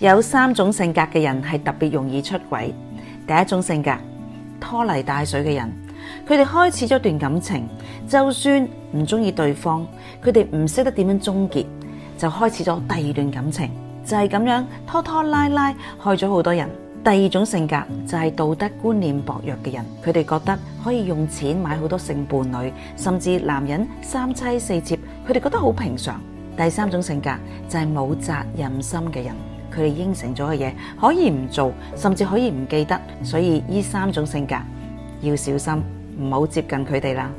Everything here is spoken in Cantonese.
有三種性格嘅人係特別容易出軌。第一種性格拖泥帶水嘅人，佢哋開始咗一段感情，就算唔中意對方，佢哋唔識得點樣終結，就開始咗第二段感情，就係咁樣拖拖拉拉害咗好多人。第二種性格就係道德觀念薄弱嘅人，佢哋覺得可以用錢買好多性伴侶，甚至男人三妻四妾，佢哋覺得好平常。第三種性格就係冇責任心嘅人。佢哋應承咗嘅嘢可以唔做，甚至可以唔記得，所以呢三種性格要小心，唔好接近佢哋啦。